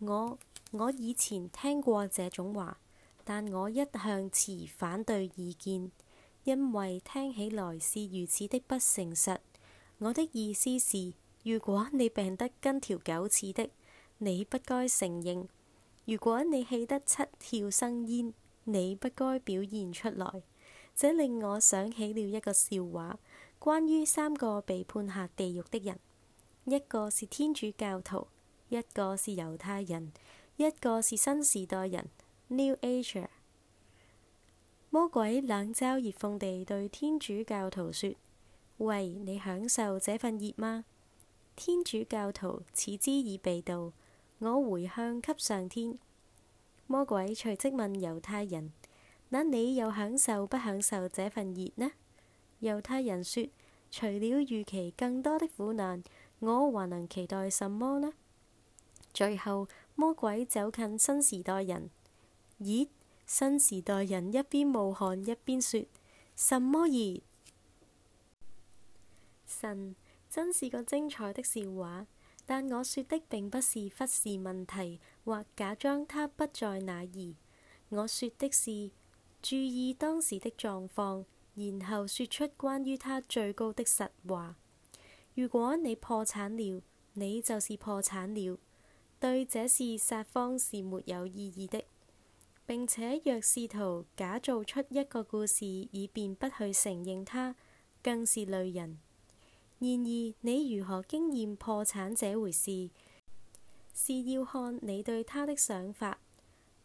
我我以前聽過這種話，但我一向持反對意見，因為聽起來是如此的不誠實。我的意思是，如果你病得跟條狗似的，你不該承認；如果你氣得七竅生煙，你不該表現出來。這令我想起了一個笑話，關於三個被判下地獄的人，一個是天主教徒。一個是猶太人，一個是新時代人 （New Age）。魔鬼冷嘲熱諷地對天主教徒說：喂，你享受這份熱嗎？天主教徒嗤之以鼻道，我回向給上天。魔鬼隨即問猶太人：那你又享受不享受這份熱呢？猶太人說：除了預期更多的苦難，我還能期待什麼呢？最後，魔鬼走近新時代人。咦？新時代人一邊冒汗一邊說：什麼熱？神真是個精彩的笑話。但我說的並不是忽視問題或假裝他不在那兒。」我說的是注意當時的狀況，然後說出關於他最高的實話。如果你破產了，你就是破產了。對這事撒謊是沒有意義的，並且若試圖假造出一個故事，以便不去承認他，更是累人。然而，你如何經驗破產這回事，是要看你對他的想法。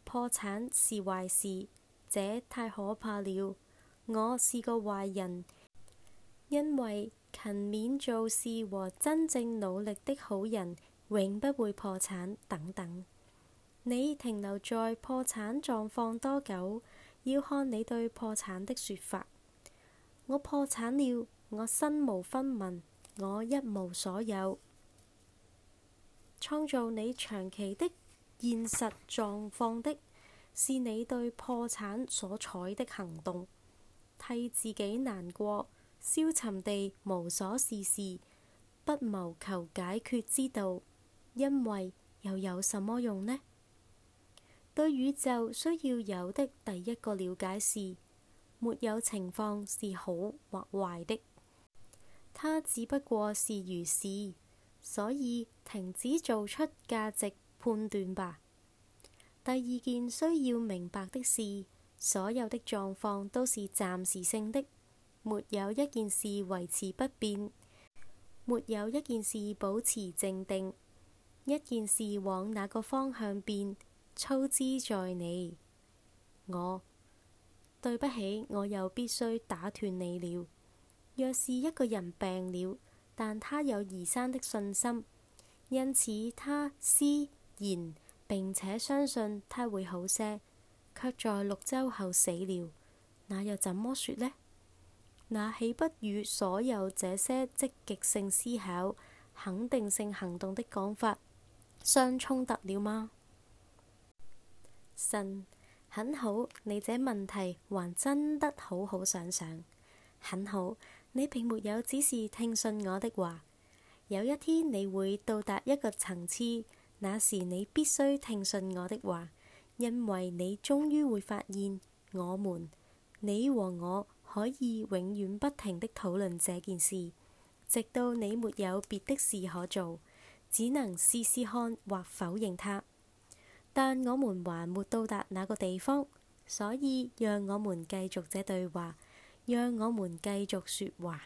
破產是壞事，這太可怕了。我是個壞人，因為勤勉做事和真正努力的好人。永不會破產等等。你停留在破產狀況多久，要看你對破產的說法。我破產了，我身無分文，我一無所有。創造你長期的現實狀況的，是你對破產所採的行動。替自己難過消沉地無所事事，不謀求解決之道。因為又有什麼用呢？對宇宙需要有的第一個了解是，沒有情況是好或壞的，它只不過是如是，所以停止做出價值判斷吧。第二件需要明白的是，所有的狀況都是暫時性的，沒有一件事維持不變，沒有一件事保持靜定。一件事往哪個方向變，操之在你我。對不起，我又必須打斷你了。若是一個人病了，但他有移山的信心，因此他思言，並且相信他會好些，卻在六周後死了，那又怎麼說呢？那豈不與所有這些積極性思考、肯定性行動的講法？相衝突了嗎？神，很好，你這問題還真得好好想想。很好，你並沒有只是聽信我的話。有一天你會到達一個層次，那時你必須聽信我的話，因為你終於會發現我們，你和我可以永遠不停地討論這件事，直到你沒有別的事可做。只能試試看或否認他，但我們還沒到達那個地方，所以讓我們繼續這對話，讓我們繼續說話。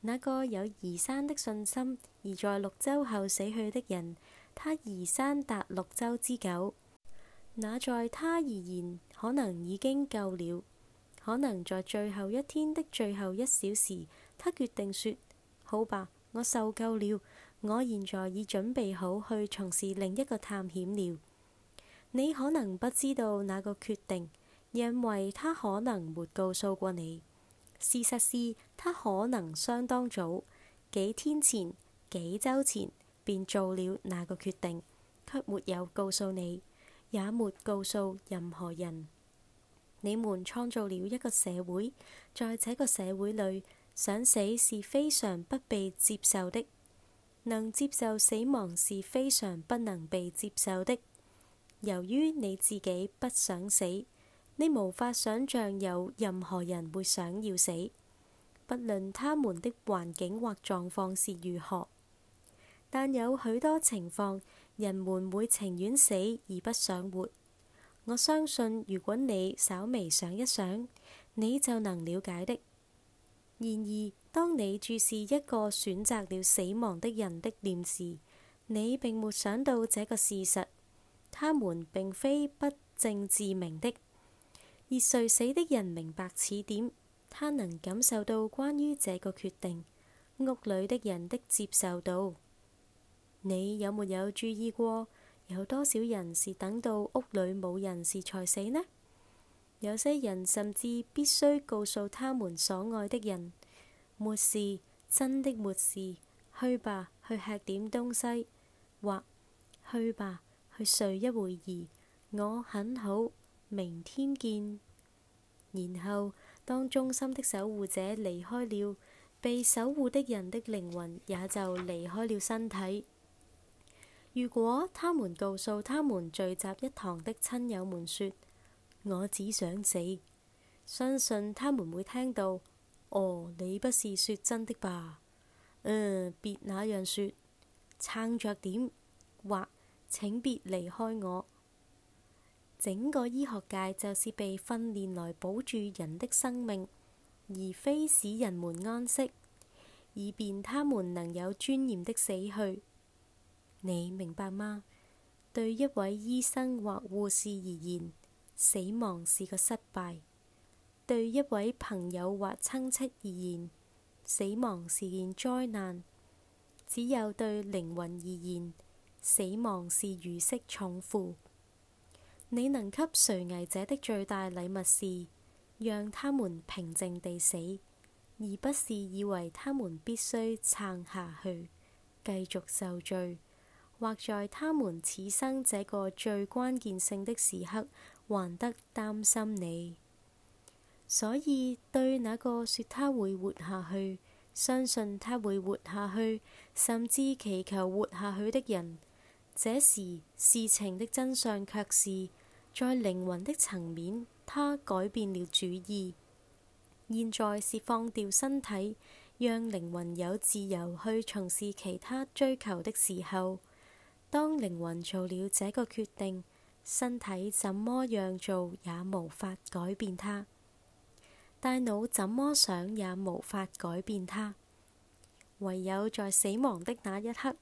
那個有移山的信心而在六周後死去的人，他移山達六周之久，那在他而言可能已經夠了，可能在最後一天的最後一小時，他決定說：好吧，我受夠了。我現在已準備好去從事另一個探險了。你可能不知道那個決定，因為他可能沒告訴過你。事實是，他可能相當早，幾天前、幾周前便做了那個決定，卻沒有告訴你，也沒告訴任何人。你們創造了一個社會，在這個社會裏，想死是非常不被接受的。能接受死亡是非常不能被接受的，由於你自己不想死，你無法想像有任何人會想要死，不論他們的環境或狀況是如何。但有許多情況，人們會情願死而不想活。我相信，如果你稍微想一想，你就能了解的。然而，當你注視一個選擇了死亡的人的臉時，你並沒想到這個事實。他們並非不證自明的，而垂死的人明白此點，他能感受到關於這個決定屋裏的人的接受度。你有沒有注意過，有多少人是等到屋裏冇人時才死呢？有些人甚至必須告訴他們所愛的人沒事，真的沒事。去吧，去吃點東西，或去吧，去睡一會兒。我很好，明天見。然後當忠心的守護者離開了，被守護的人的靈魂也就離開了身體。如果他們告訴他們聚集一堂的親友們說。我只想死，相信他們會聽到。哦，你不是說真的吧？嗯，別那樣說，撐着點，或請別離開我。整個醫學界就是被訓練來保住人的生命，而非使人們安息，以便他們能有尊嚴的死去。你明白嗎？對一位醫生或護士而言。死亡是個失敗。對一位朋友或親戚而言，死亡是件災難；只有對靈魂而言，死亡是如釋重負。你能給垂危者的最大禮物是讓他們平靜地死，而不是以為他們必須撐下去，繼續受罪，或在他們此生這個最關鍵性的時刻。還得擔心你，所以對那個說他會活下去、相信他會活下去，甚至祈求活下去的人，這時事情的真相卻是，在靈魂的層面，他改變了主意。現在是放掉身體，讓靈魂有自由去從事其他追求的時候。當靈魂做了這個決定，身體怎麼樣做也無法改變它，大腦怎麼想也無法改變它，唯有在死亡的那一刻，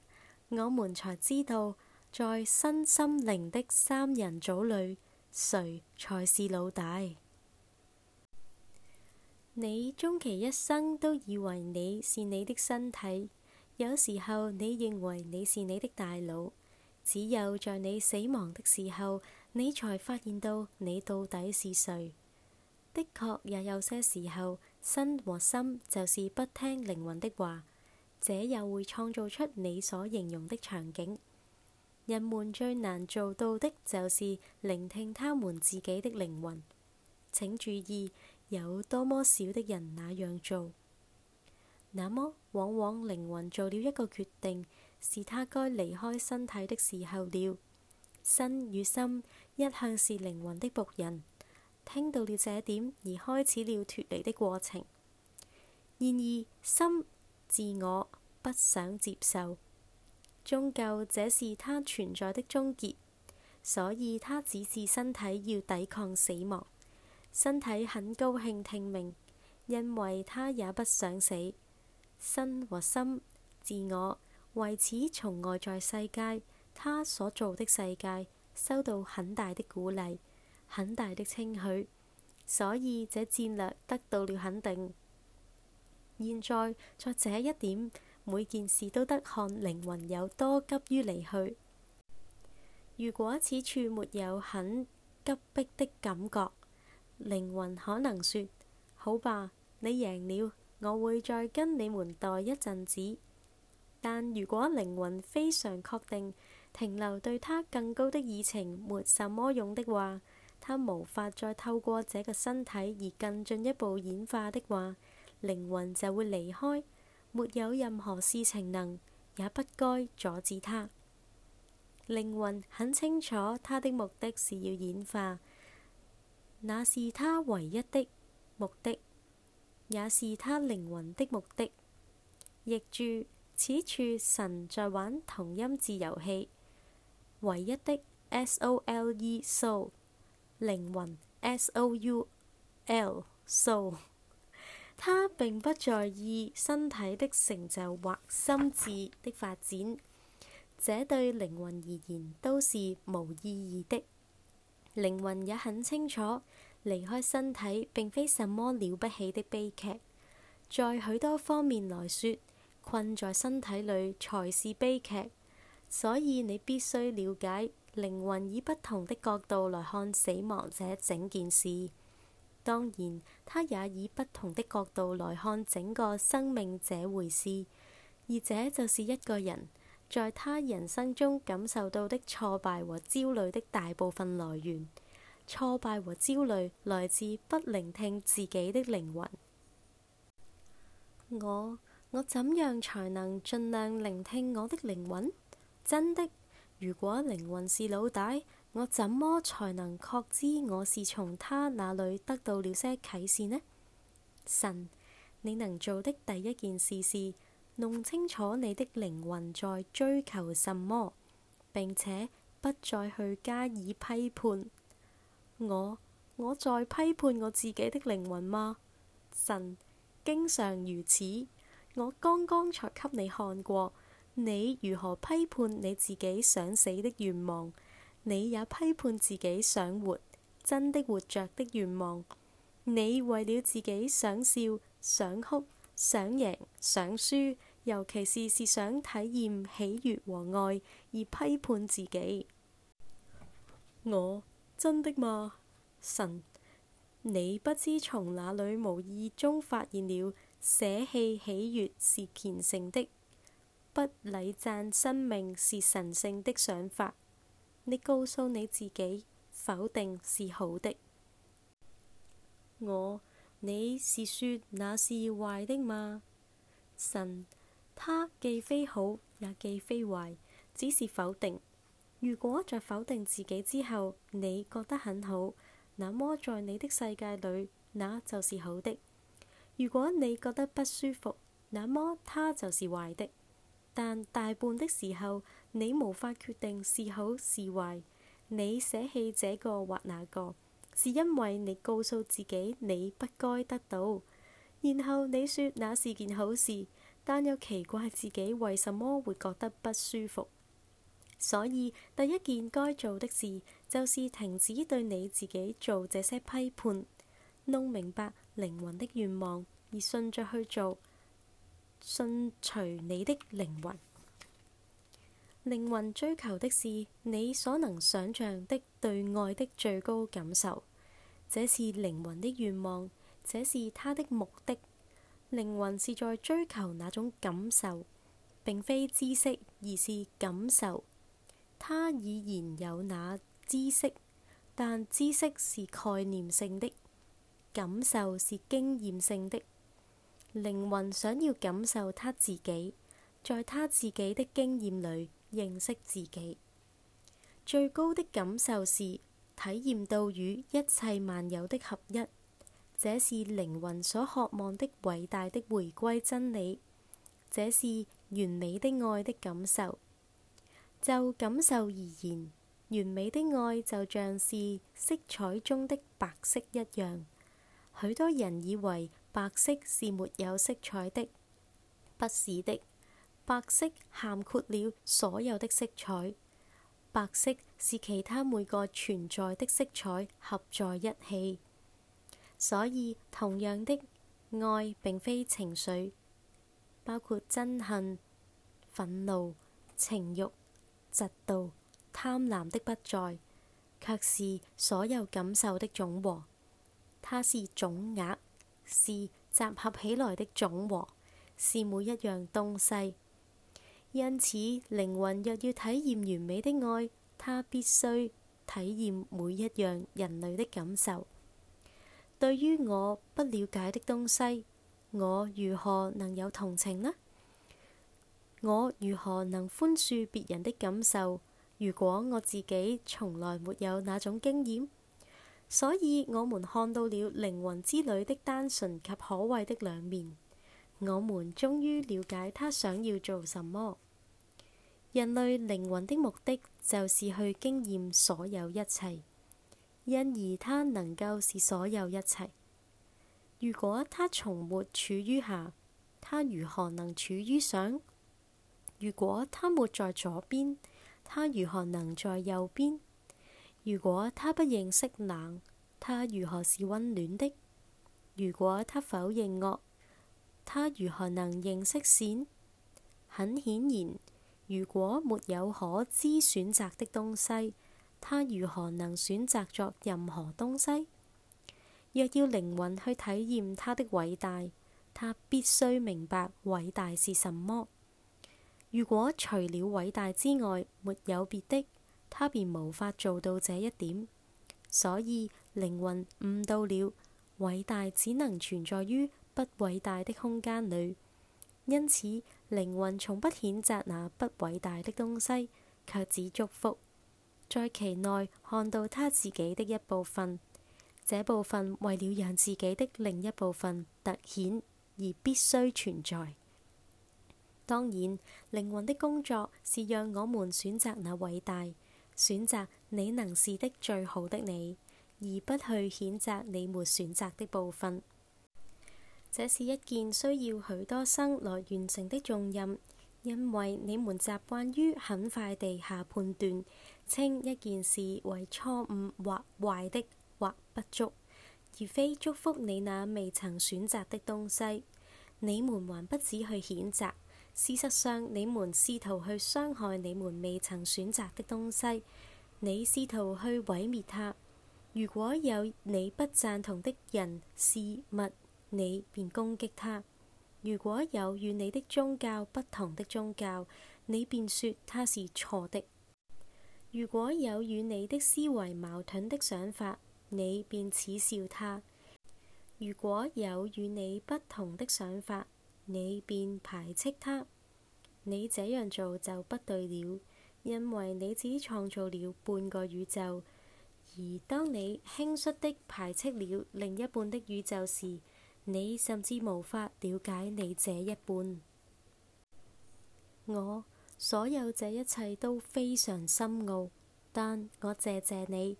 我們才知道在身心靈的三人組裏，誰才是老大。你終其一生都以為你是你的身體，有時候你認為你是你的大腦。只有在你死亡的時候，你才發現到你到底是誰。的確，也有些時候，身和心就是不聽靈魂的話，這又會創造出你所形容的場景。人們最難做到的，就是聆聽他們自己的靈魂。請注意，有多麼少的人那樣做。那麼，往往靈魂做了一個決定。是他該離開身體的時候了。身與心一向是靈魂的僕人，聽到了這點而開始了脫離的過程。然而，心自我不想接受，終究這是他存在的終結，所以他指示身體要抵抗死亡。身體很高興聽命，因為他也不想死。身和心自我。為此，從外在世界，他所做的世界，收到很大的鼓勵，很大的稱許，所以這戰略得到了肯定。現在在這一點，每件事都得看靈魂有多急於離去。如果此處沒有很急迫的感覺，靈魂可能說：好吧，你贏了，我會再跟你們待一陣子。但如果靈魂非常確定停留對他更高的議程沒什麼用的話，他無法再透過這個身體而更進一步演化的話，靈魂就會離開，沒有任何事情能也不該阻止他。靈魂很清楚他的目的是要演化，那是他唯一的目的，也是他靈魂的目的。譯注。此處神在玩同音字遊戲，唯一的 s o l e sole 靈魂 s o u l soul，他並不在意身體的成就或心智的發展，這對靈魂而言都是無意義的。靈魂也很清楚，離開身體並非什麼了不起的悲劇，在許多方面來說。困在身體裏才是悲劇，所以你必須了解靈魂以不同的角度來看死亡這整件事。當然，他也以不同的角度來看整個生命這回事，而這就是一個人在他人生中感受到的挫敗和焦慮的大部分來源。挫敗和焦慮來自不聆聽自己的靈魂。我。我怎樣才能盡量聆聽我的靈魂？真的，如果靈魂是老大，我怎麼才能確知我是從他那裡得到了些啟示呢？神，你能做的第一件事是弄清楚你的靈魂在追求什麼，並且不再去加以批判。我，我在批判我自己的靈魂嗎？神，經常如此。我剛剛才給你看過，你如何批判你自己想死的願望？你也批判自己想活、真的活着的願望。你為了自己想笑、想哭、想贏、想贏、想輸，尤其是是想體驗喜悦和愛而批判自己。我真的嗎？神。你不知從哪裏無意中發現了捨棄喜悅是虔誠的，不禮讚生命是神聖的想法。你告訴你自己，否定是好的。我，你是說那是壞的嗎？神，他既非好，也既非壞，只是否定。如果在否定自己之後，你覺得很好。那麼，在你的世界裏，那就是好的；如果你覺得不舒服，那麼它就是壞的。但大半的時候，你無法決定是好是壞。你捨棄這個或那個，是因為你告訴自己你不該得到，然後你說那是件好事，但又奇怪自己為什麼會覺得不舒服。所以第一件該做的事就是停止對你自己做這些批判，弄明白靈魂的願望而順着去做，順隨你的靈魂。靈魂追求的是你所能想象的對愛的最高感受，這是靈魂的願望，這是他的目的。靈魂是在追求那種感受，並非知識，而是感受。他已然有那知識，但知識是概念性的，感受是經驗性的。靈魂想要感受他自己，在他自己的經驗裏認識自己。最高的感受是體驗到與一切萬有的合一，這是靈魂所渴望的偉大的回歸真理，這是完美的愛的感受。就感受而言，完美的愛就像是色彩中的白色一樣。許多人以為白色是沒有色彩的，不是的，白色涵括了所有的色彩。白色是其他每個存在的色彩合在一起，所以同樣的愛並非情緒，包括憎恨、憤怒、情欲。嫉妒、貪婪的不在，卻是所有感受的總和。它是總額，是集合起來的總和，是每一樣東西。因此，靈魂若要體驗完美的愛，它必須體驗每一樣人類的感受。對於我不了解的東西，我如何能有同情呢？我如何能寬恕別人的感受？如果我自己從來沒有那種經驗，所以我們看到了靈魂之旅的單純及可畏的兩面。我們終於了解他想要做什麼。人類靈魂的目的就是去經驗所有一切，因而他能夠是所有一切。如果他從沒處於下，他如何能處於上？如果他沒在左邊，他如何能在右邊？如果他不認識冷，他如何是溫暖的？如果他否認惡，他如何能認識善？很顯然，如果沒有可知選擇的東西，他如何能選擇作任何東西？若要靈魂去體驗他的偉大，他必須明白偉大是什麼。如果除了偉大之外沒有別的，他便無法做到這一點。所以靈魂悟到了偉大只能存在於不偉大的空間裏。因此靈魂從不譴責那不偉大的東西，却只祝福在其內看到他自己的一部分。這部分為了讓自己的另一部分突顯而必須存在。當然，靈魂的工作是讓我們選擇那偉大，選擇你能是的最好的你，而不去譴責你沒選擇的部分。這是一件需要許多生來完成的重任，因為你們習慣於很快地下判斷，稱一件事為錯誤或壞的或不足，而非祝福你那未曾選擇的東西。你們還不止去譴責。事實上，你們試圖去傷害你們未曾選擇的東西，你試圖去毀滅它。如果有你不贊同的人、事、物，你便攻擊他；如果有與你的宗教不同的宗教，你便說他是錯的；如果有與你的思維矛盾的想法，你便恥笑他；如果有與你不同的想法，你便排斥他，你這樣做就不對了。因為你只創造了半個宇宙，而當你輕率的排斥了另一半的宇宙時，你甚至無法了解你這一半。我所有這一切都非常深奧，但我謝謝你，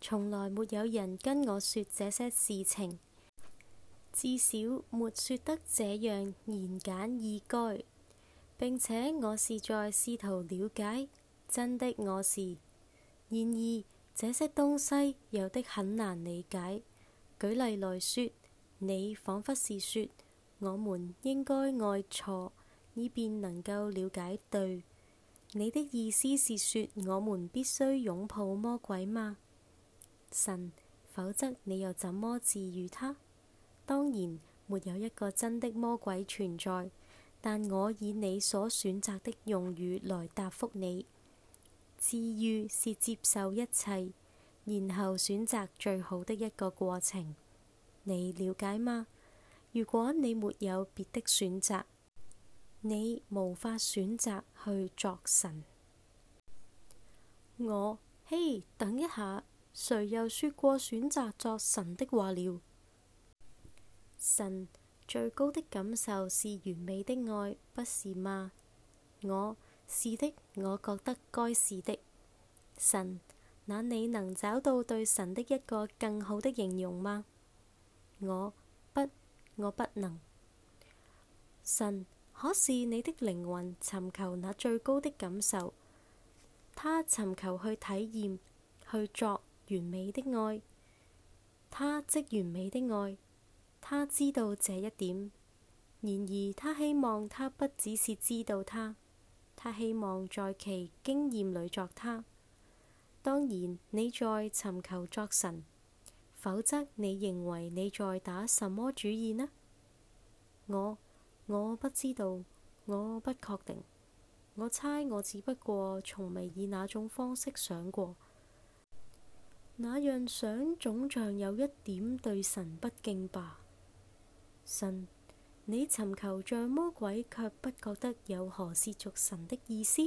從來沒有人跟我說這些事情。至少沒說得這樣言簡意賅，並且我是在試圖了解真的我是。然而這些東西有的很難理解。舉例來說，你仿佛是說我們應該愛錯，以便能夠了解對。你的意思是說我們必須擁抱魔鬼嗎？神，否則你又怎麼治癒他？當然，沒有一個真的魔鬼存在，但我以你所選擇的用語來答覆你。治癒是接受一切，然後選擇最好的一個過程。你了解嗎？如果你沒有別的選擇，你無法選擇去作神。我嘿，hey，等一下，誰又説過選擇作神的話了？神最高的感受是完美的愛，不是嗎？我，是的，我覺得該是的。神，那你能找到對神的一個更好的形容嗎？我，不，我不能。神，可是你的靈魂尋求那最高的感受，他尋求去體驗、去作完美的愛，他即完美的愛。他知道這一點，然而他希望他不只是知道他，他希望在其經驗裏作他。當然你在尋求作神，否則你認為你在打什麼主意呢？我我不知道，我不確定。我猜我只不過從未以那種方式想過，那樣想總像有一點對神不敬吧。神，你尋求像魔鬼，卻不覺得有何褻瀆神的意思；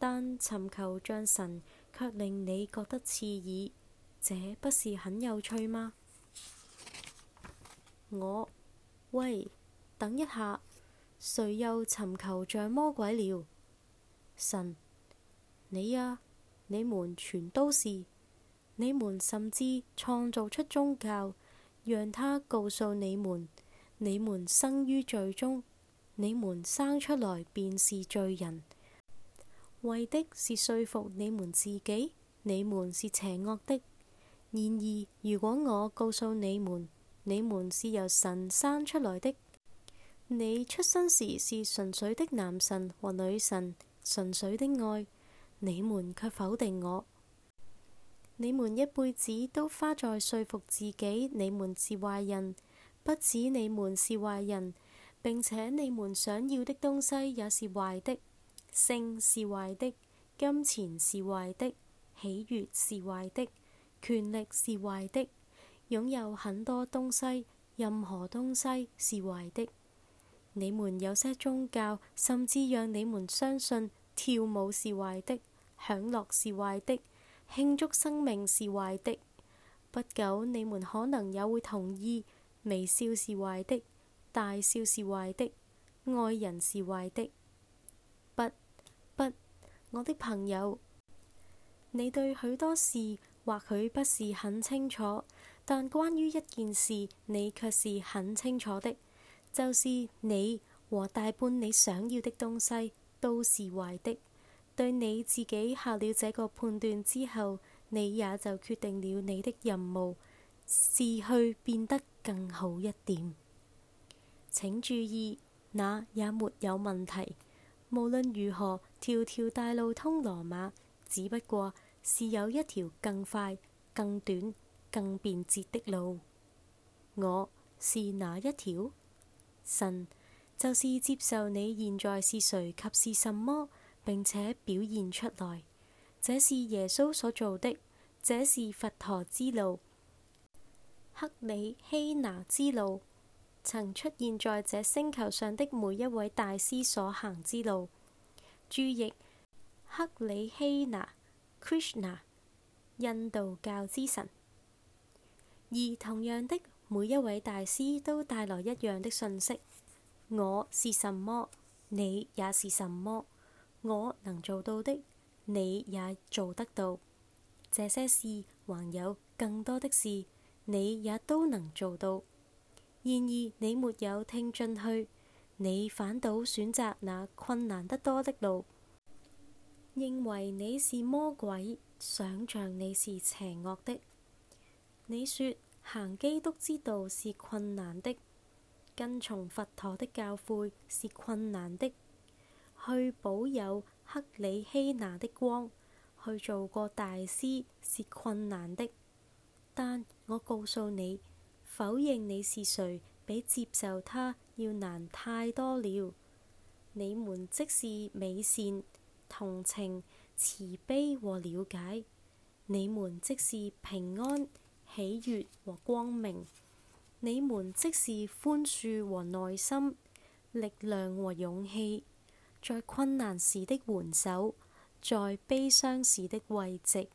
但尋求像神，卻令你覺得刺耳，這不是很有趣嗎？我，喂，等一下，誰又尋求像魔鬼了？神，你呀，你們全都是，你們甚至創造出宗教，讓他告訴你們。你們生於罪中，你們生出來便是罪人，為的是說服你們自己，你們是邪惡的。然而，如果我告訴你們，你們是由神生出來的，你出生時是純粹的男神和女神，純粹的愛，你們卻否定我，你們一輩子都花在說服自己，你們是壞人。不止你們是壞人，並且你們想要的東西也是壞的。性是壞的，金錢是壞的，喜悦是壞的，權力是壞的，擁有很多東西，任何東西是壞的。你們有些宗教甚至讓你們相信跳舞是壞的，享樂是壞的，慶祝生命是壞的。不久你們可能也會同意。微笑是壞的，大笑是壞的，愛人是壞的。不不，我的朋友，你對許多事或許不是很清楚，但關於一件事，你卻是很清楚的，就是你和大半你想要的東西都是壞的。對你自己下了這個判斷之後，你也就決定了你的任務是去變得。更好一點。請注意，那也沒有問題。無論如何，條條大路通羅馬，只不過是有一條更快、更短、更便捷的路。我是哪一條？神就是接受你現在是誰及是什麼，並且表現出來。這是耶穌所做的，這是佛陀之路。克里希納之路，曾出現在這星球上的每一位大師所行之路。注釋：克里希納 （Krishna），印度教之神。而同樣的，每一位大師都帶來一樣的信息：我是什麼，你也是什麼。我能做到的，你也做得到。這些事，還有更多的事。你也都能做到，然而你沒有聽進去，你反倒選擇那困難得多的路，認為你是魔鬼，想象你是邪惡的。你說行基督之道是困難的，跟從佛陀的教誨是困難的，去保有克里希那的光，去做個大師是困難的，但。我告訴你，否認你是誰，比接受他要難太多了。你們即是美善、同情、慈悲和了解；你們即是平安、喜悦和光明；你們即是寬恕和耐心、力量和勇氣，在困難時的援手，在悲傷時的慰藉，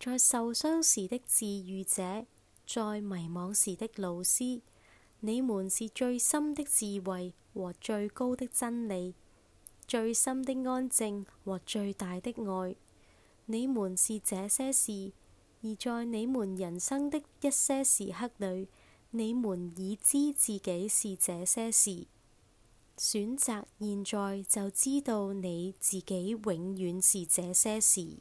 在受傷時的治癒者。在迷惘時的老師，你們是最深的智慧和最高的真理，最深的安靜和最大的愛。你們是這些事，而在你們人生的一些時刻裏，你們已知自己是這些事。選擇現在，就知道你自己永遠是這些事。